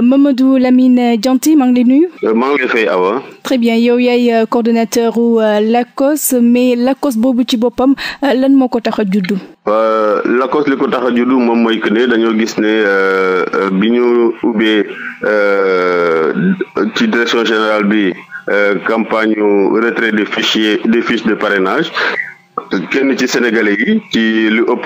Mamadou Lamine Dianté maa ngi lay nuyu. Euh, maa ngi lay fay Awa. très bien yow yaay euh, coordonnateur u euh, LACOS mais LACOS boobu ci boppam lan moo ko tax juddu. LACOS li ko tax juddu moom mooy que ne dañoo gis ne bi ñu ubbee ci direction général bi campagne retrait des fichiers des fiches de parrainage. kenn ci sénégalais yi ci lu ëpp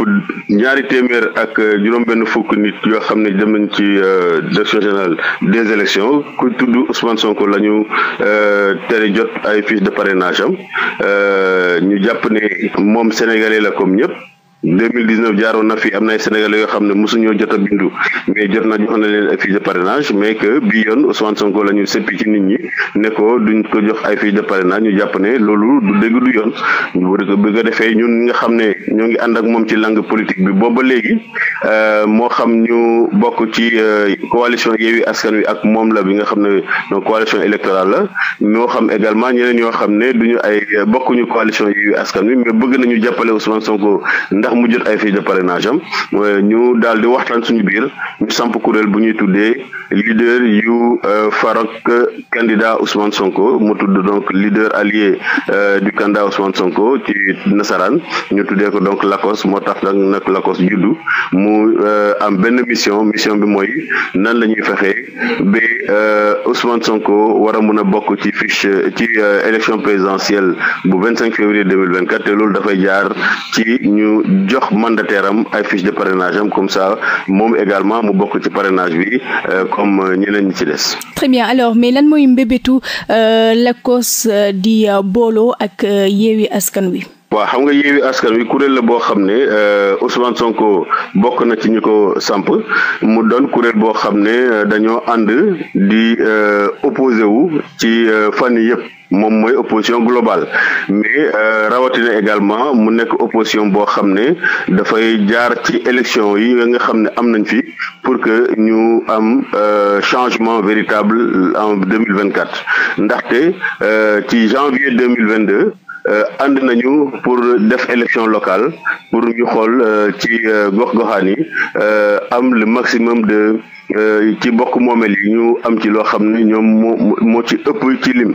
ñaari téeméer ak juróom-benn fukk nit yoo xam ne dem nañ ci euh, direction générale des élections ku tudd Ousmane Sonko lañu ñu euh, tere jot ay fiche de parrainage am euh, ñu jàpp ne moom sénégalais la comme ñëpp. deux mille dix neuf jaaroon na fi am na ay sénégalais yoo xam ne mosuñoo jot a bindu mais jot na jox na leen ay fiche de parrainage mais que bi yoon Ousmane Sonko la ñu seppi ci nit ñi ne ko duñ ko jox ay fiche de parrainage ñu jàpp ne loolu du dégg du yoon bu ko defee ñun ñi nga xam ne ñoo ngi ànd ak moom ci langue politique bi booba léegi euh, moo xam ñu bokk ci euh, coalition Yewwi Askan Wi ak moom la bi nga xam ne donc coalition électorale la moo xam également ñeneen ñoo xam ne duñu ay bokkuñu coalition Yewwi Askan Wi mais bëgg nañu jàppale Ousmane Sonko ndax mu jot ay fiches de parrainage am ñu daal di waxtaan suñu biir ñu samp kuréel bu ñuy tuddee leader yu euh, farok candidat Ousmane Sonko mu tudd donc leader allié euh, du candidat Ousmane Sonko ci nasaraan ñu tuddee ko donc LACOS moo tax nag LACOS juddu mu euh, am benn mission mission bi mooy nan la ñuy fexee ba Ousmane Sonko wara a a bokk ci fiche ci élection présidentielle bu vingt cinq février deux mille vingt te loolu dafay jaar ci ñu. jox mandataire am ay fiche de parrainage am comme ça moom également mu bokk ci parrainage bi euh, comme euh, ñeneen ñi ci des. très bien alors mais lan mooy mbébétu euh, lakkoos di booloo ak yeewi askan wi. waa xam nga Yewwi Askan Wi kuréel la boo xam ne euh, Ousmane Sonko bokk na ci ñi ko samp mu doon kuréel boo xam ne euh, dañoo ànd di euh, opposé wu ci fan yëpp moom mooy opposition globale mais rawatina également mu nekk opposition boo xam ne dafay jaar ci élection yi nga xam ne am nañ fi pour que ñu am changement véritable en vingt quatre ndaxte ci janvier deux vingt deux Euh, ànd nañu pour def élection locale pour ñu xool euh, ci euh, gox-goxaan yi am le maximum de ci bokk moomeel yi ñu am ci loo xam ne ñoom moo moo ci ëpp ci lim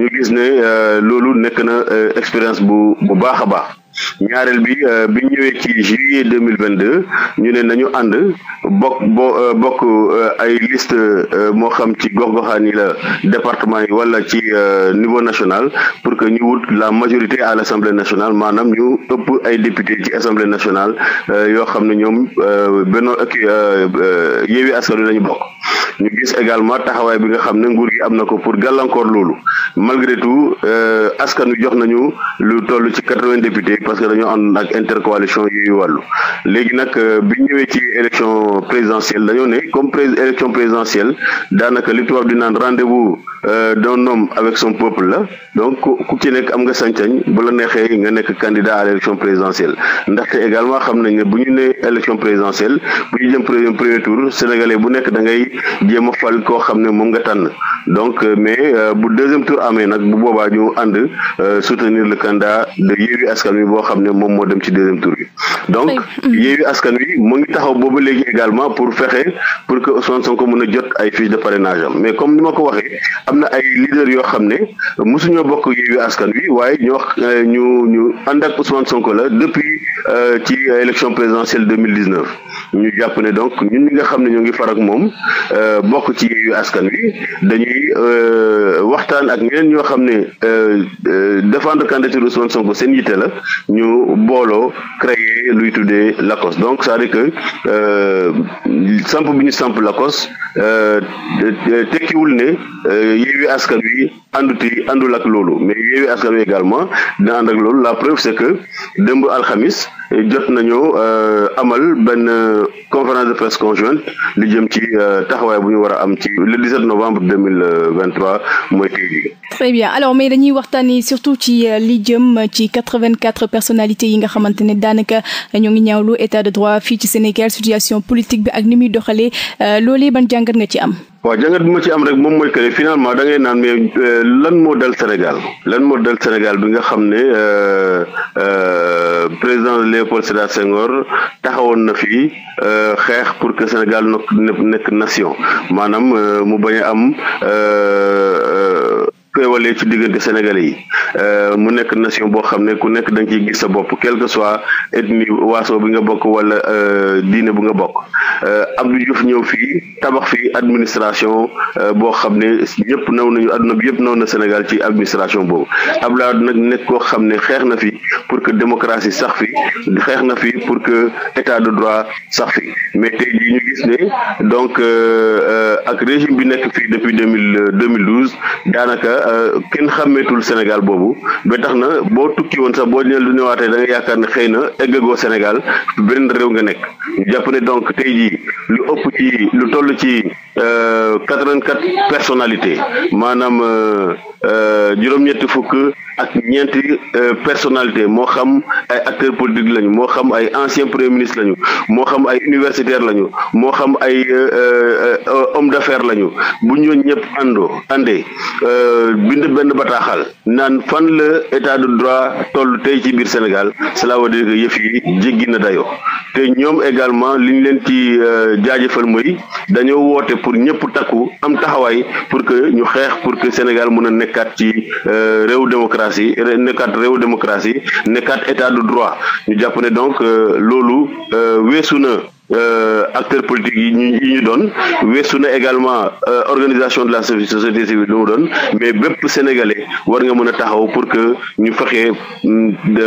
ñu gis ne loolu nekk na expérience bu bu baax a baax ñaareel bi euh, bi ñëwee ci juillet deux mille vingt deux ñu ne nañu ànd bokk bo euh, bokk euh, ay liste moo xam ci gox-goxaan yi la département yi wala ci niveau national pour que ñu wut la majorité à l' nationale maanaam ñu ëpp ay député ci assemblée nationale yoo xam ne ñoom benn ak Yewwi Askan Wi lañu bokk ñu gis également taxawaay bi nga xam ne nguur yi am na ko pour gàllankoor loolu malgré tout askan wi jox nañu lu toll ci quatre-vingts députés parce que dañoo ànd ak intercoalition yooyu wàllu léegi nag euh, bi ñëwee ci élection présidentielle dañoo ne comme élection présidentielle daanaka li tubaab di naan rendez-vous euh, d'un homme avec son peuple la donc ku ki nekk am nga sañ-sañ bu la neexee nga nekk candidat à l' élection présidentielle ndaxte également xam nañ ne bu ñu nee élection présidentielle bu ñu jëm premier premier tour bu nekk da ngay jéem a fal koo xam ne moom nga tànn donc euh, mais bu deuxième tour amee nag bu boobaa ñu ànd soutenir le candidat boo xam ne moom moo dem ci deuxième tour bi donc mm-hmm. Yewwi Askan Wi mu ngi taxaw boobu léegi également pour fexe pour que Ousmane Sonko mën a jot ay fiche de parrainage am mais comme ni ma ko waxee am na ay leaders yoo xam ne mosuñoo bokk Yewwi Askan Wi waaye ñoo euh, ñu ñu ànd ak Ousmane Sonko la depuis euh, ci élection présidentielle 2019 ñu jàpp ne donc ñun ñi nga xam ne ñoo ngi far ak moom euh, bokk ci yeeyu askan wi dañuy euh, waxtaan ak ñeneen ñoo xam ne euh, défendre candidature Ousmane Sonko seen yitte la ñu booloo créer luy tuddee LACOS donc c'est-à-dire que samp bi ñu samp LACOS tekkiwul ne yeeyu askan wi ànduti àndul ak loolu mais yeeyu askan wi également dina ànd ak loolu la preuve c'est que démb alxamis jot nañu euh, amal benn euh, conférence de presse conjointe li jëm ci euh, taxawaay bu ñu war a am ci le 17 novembre 2023 mooy tey jii. très bien alors mais dañuy waxtaan waxtaanee surtout ci li jëm ci quatre personnalités yi nga xamante ne daanaka ñoo ngi ñaawlu état de droit fii ci Sénégal situation politique bi ak ni muy doxalee loolee ban jàngat nga ci am. waaw jàngat bi ma ci am rek moom mooy que ne finalement da ngay naan mais euh, lan moo dal Sénégal lan moo dal Sénégal bi nga xam ne euh, euh, président Léopold Sédar Senghor taxawoon na fi xeex pour que Sénégal nekk nation maanaam mu bañ a am. féewalee ci diggante sénégalais yi euh, mu nekk nation boo xam ne ku nekk da nga gis sa bopp quel que soit ethnie waaso bi nga bokk wala euh, diine bu nga bokk euh, Abdou Diouf ñëw fii tabax fii administration boo xam ne ñëpp naw nañu àdduna bi yëpp naw na Sénégal ci administration boobu Abdoulaye nag nekk koo xam ne xeex na fi pour que démocratie sax fi xeex na fi pour que état de droit sax fi mais tey jii ñu gis ne donc ak régime bi nekk fii depuis deux mille deux mille daanaka. Euh, kenn xàmmeetul Sénégal boobu ba tax na boo tukki woon sax boo lu ñëwaatee da nga yaakaar ne xëy na eggagoo Sénégal benn réew nga nekk ñu jàpp ne donc tey jii lu ëpp ci lu toll ci euh, quatre-vingt-quatre personnalités maanaam euh, juróom-ñetti fukk ak ñeenti personnalité moo xam ay acteurs politiques lañu moo xam ay anciens premiers ministres lañu moo xam ay universitaires lañu moo xam ay hommes d'affaires lañu bu ñooñ ñëpp àndoo àndee bind benn bataaxal naan fan la état de droit toll tey ci biir Sénégal cela veut dire que yëf yi jéggi na dayoo te ñoom également li ñu leen ci euh, jaajëfal mooy dañoo woote pour ñëpp takku am taxawaay pour que ñu xeex pour que Sénégal mën nekkaat ci euh, réew démocratie nekkaat réew démocratie nekkaat état de droit ñu jàpp ne donc euh, loolu weesu na. Euh, acteurs politiques yi ñu yi ñu doon weesu na également euh, organisation de la société civile lu mu doon mais bépp sénégalais war nga mën a taxaw pour que ñu fexe mm,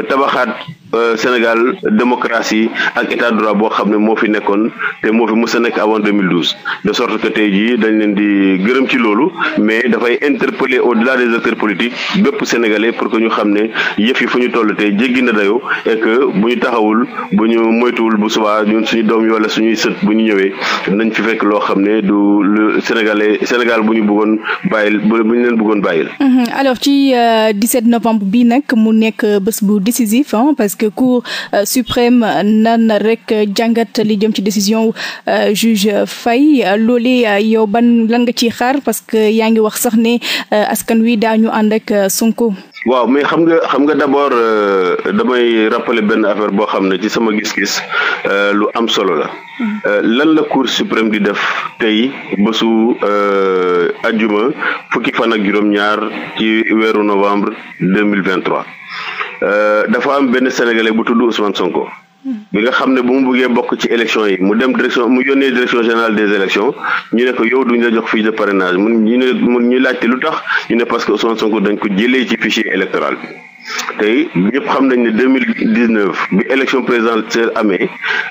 tabaxaat Euh, Sénégal démocratie ak état droit boo xam ne moo fi nekkoon te moo fi mës a nekk avant 2012 de sorte que tey jii dañ leen di gërëm ci loolu mais dafay interpeller au-delà des acteurs politiques bépp sénégalais pour que ñu xam ne yëf yi fu ñu toll tey jéggi na dayoo et bu ñu taxawul bu ñu moytuwul bu subaa suñu doom wala suñuy sët bu ñu ñëwee nañ fi fekk loo xam ne du lu sénégalais Sénégal bu ñu bëggoon bàyyil bu ñu leen bëggoon bàyyil. Mhm. alors ci 17 euh, novembre bi nag mu que cour euh, suprême nan rek jàngat li jëm ci décision euh, juge Faye loolee euh, yow ban lan nga ciy xaar parce que yaa ngi wax sax ne askan wi daañu ànd ak Sonko. waaw mais xam nga xam nga d'abord damay rappeler benn affaire boo xam ne ci sama gis-gis lu am solo la mm-hmm. lan la cour suprême di def tey bésu ajjuma fukki fan ak juróom-ñaar ci weeru novembre deux mille Euh, dafa am benn sénégalais bu tudd Ousmane Sonko. bi nga xam ne bu mu buggee bokk ci élection yi mu dem direction mu yónnee direction générale des élections ñu ne ko yow duñu la jox fiche de parrainage mun ñu ne mun ñu laajte lu tax ñu ne parce que son Sonko dañ ko jëlee ci fichier électoral bi. tey ñëpp xam nañ ne deux mille dix neuf bi élection présidentielle amee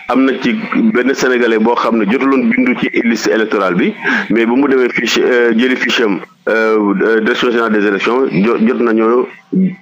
am na ci benn sénégalais boo xam ne jotuloon bindu ci liste électorale bi mais ba mu demee fiche euh, jëli fiche am euh, direction générale des élections jot nañoo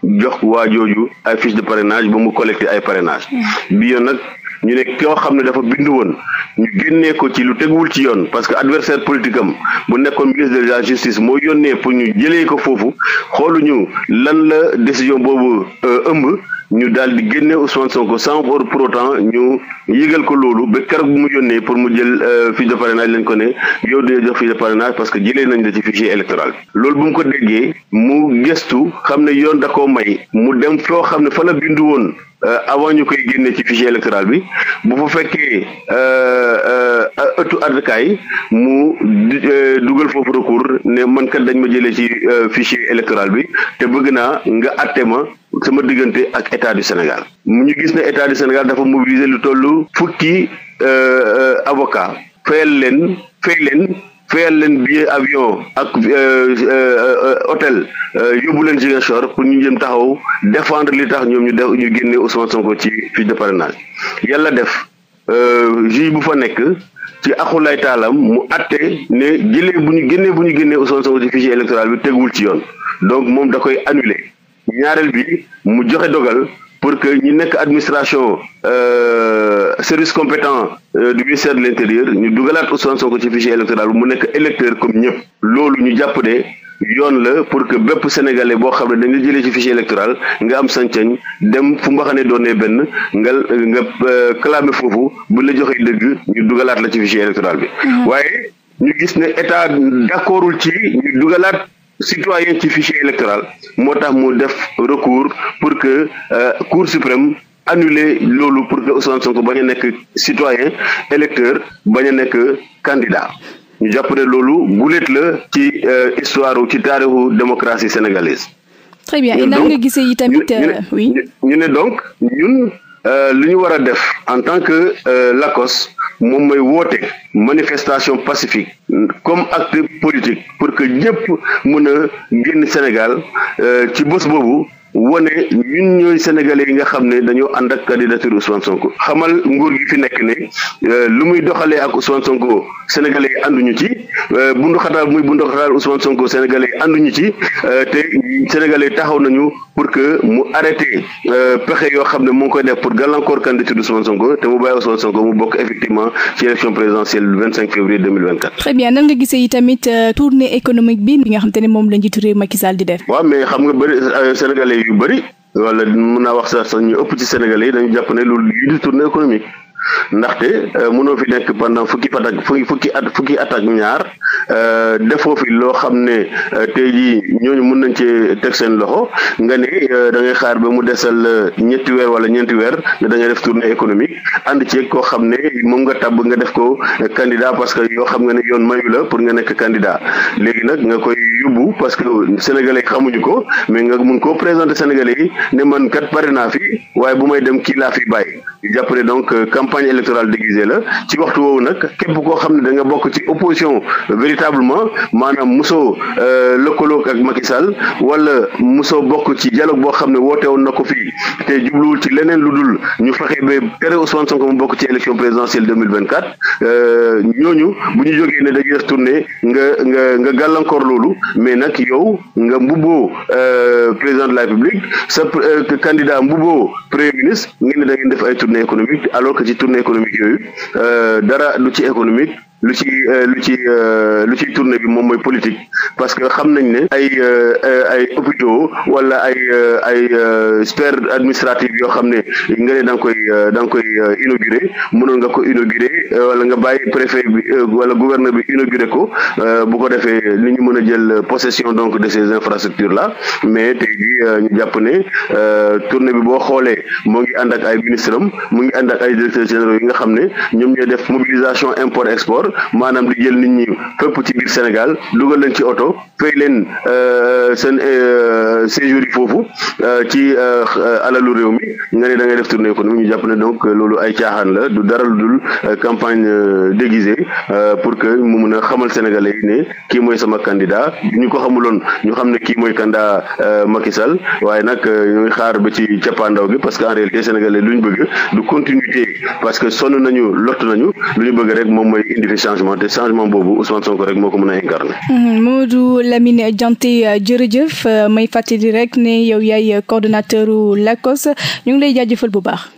jox waa jooju ay fiche de parrainage ba mu collecté ay parrainage mm. bi yoon nag ñu ne koo xam ne dafa bindu woon ñu génnee ko ci lu teguwul ci yoon parce que adversaire politique am bu nekkoon ministre de la justice moo yónnee pour ñu jëlee ko foofu xoolu ñu lan la décision boobu euh, ëmb ñu daal di génne Ousmane Sonko sans pour autant ñu yëgal ko loolu ba keroog bu mu yónnee pour mu jël euh, fiche de parrainage lañ ko ne yow dina jox fiche de parrainage parce que jëlee nañ la ci fichier électoral loolu bu mu ko déggee mu gëstu xam ne yoon da koo may mu dem foo xam ne fa la woon Euh, avant ñu koy génne ci fichier électoral bi bu fa fekkee euh, euh, ëttu àttekaay mu dugal foofu recours ne man kat dañ ma jëlee ci fichier électoral bi te bëgg naa nga àtte ma sama diggante ak état du Sénégal mu ñu gis ne état du Sénégal dafa mobiliser lu tollu fukki avocat fayal leen fay leen fayal leen billet avion ak euh, euh, euh, hôtel yóbbu leen Ziguinchor pour ñu jëm taxaw défendre li tax ñoom ñu def ñu génne Ousmane Sonko ci fiche de parrainage yàlla def juge bu fa nekk ci axulaay taalam mu atte ne jëlee bu ñu génnee bu ñu génnee Ousmane Sonko ci fichier électoral bi teguwul ci yoon donc moom da koy annulé ñaareel bi mu joxe dogal pour que ñu nekk administration euh, service compétent euh, du ministère de l'intérieur ñu dugalaat Ousmane Sonko ci fichier électoral mu nekk électeur comme ñëpp loolu ñu jàpp de yoon la pour que bépp sénégalais boo xam ne dañ la jëlee ci fichier électoral nga am sañ dem fu mbaxane doonee benn nga nga euh, clamé foofu bu la joxee dëgg ñu dugalaat la ci fichier électoral bi mm-hmm. waaye ñu gis ne état d'accordul ci ñu dugalaat citoyen ci fichier électoral moo tax mu def recours pour que euh, cour suprême annuler loolu pour que Ousmane Sonko bañ a nekk citoyen électeur bañ a nekk candidat ñu jàpp ne loolu guléet la ci euh, histoire ci taarixu démocratie sénégalaise. très bien et nan nga gisee yi tamit ñu euh, ne donc ñun li ñu war a def en tant que LACOS. moom mooy woote manifestation pacifique comme acte politique pour que ñëpp mun a génn Sénégal euh, ci bos boobu wane ñun ñooy sénégalais yi nga xam ne dañoo ànd ak candidature Ousmane Sonko xamal nguur gi fi nekk ne euh, lu muy doxalee ak Ousmane Sonko sénégalais yi ànduñu ci euh, bunduxataal muy bunduxataal Ousmane ci euh, te sénégalais taxaw nañu pour que mu arrêté pexe yoo xam ne mu koy def pour gàllankoor candidature Ousmane Sonko te mu bàyyi Ousmane Sonko mu bokk effectivement ci élection présidentielle le 25 février 2024. très bien nan nga gisee tamit tournée économique bi nga xam te ne moom la njiitu réew di def. waaw mais xam nga yu bëri wala mun naa wax sax sax ñu ëpp ci Sénégalais yi dañu jàpp ne loolu lii di tournée ndaxte euh, mënoo fi nekk pendant fukki at fukki at fukki at ak ñaar euh, defoo fi loo xam ne euh, tey jii ñooñu mun nañ cee teg seen loxo nga ne da ngay xaar ba mu desal ñetti weer wala ñeenti weer ne da def tournée économique ànd ci koo xam ne moom nga tàbb nga def ko candidat parce que yoo xam nga ne yoon mayu la pour nga nekk candidat léegi nag nga koy yóbbu parce que sénégalais xamuñu ko mais nga mun koo présenter sénégalais yi ne man kat pare naa fi waaye bu may dem kii laa campagne électorale déguisée la ci waxtu woowu nag képp koo xam ne da nga bokk ci opposition véritablement maanaam musoo euh, lëkkaloog ak Macky Sall wala musoo bokk ci dialogue boo xam ne woote woon na ko fi te jubluwul ci leneen lu dul ñu fexe ba tere Ousmane Sonko mu bokk ci élection présidentielle 2024 euh, ñooñu bu ñu jógee ne dañuy def tournée nga nga nga gàllankoor loolu mais nag yow nga mbubboo euh, président de la République sa candidat mbubboo premier ministre ngeen ne da ay tournée économique tournée économique yooyu euh, dara du ci économique lu ci euh, lu ci euh, lu ci tournée bi moom mooy politique parce que xam nañ ne ay euh, ay hôpitaux wala ay ay sphère administrative yoo xam ne nga ne da nga koy da koy inauguré mënoon nga ko inauguré wala nga bàyyi préfet bi wala gouverneur bi inauguré ko bu ko defee ni ñu mën a jël possession donc de ces infrastructures là mais tey jii ñu jàpp ne tournée bi boo xoolee moo ngi ànd ak ay ministres am mu ngi ànd ak ay directeurs généraux yi nga xam ne ñoom ñooy def mobilisation import export maanaam di jël nit ñi fépp ci biir Sénégal dugal leen ci oto fay leen euh, seen euh, séjour yi foofu euh, ci alalu réew mi nga ne da ngay def tournée économique ñu jàpp ne donc loolu ay caaxaan la du dara lu dul campagne déguisée pour que mu mun a xamal Sénégalais yi ne kii mooy sama du ñu ko xamuloon ñu xam ne kii mooy candidat Macky Sall waaye nag ñuy xaar ba ci cappaandaw gi parce que en réalité Sénégalais lu ñu bëgg du continuité parce que sonn nañu lott nañu lu ñu bëgg rek moom mooy indi changement te changement boobu Ousmane Sonko rek moo ko mën a incarné. Mamadou Lamine Dianté euh, jërëjëf euh, may fàttali rek ne yow yaay coordonnateur u LACOS ñu ngi lay jaajëfal bu baax.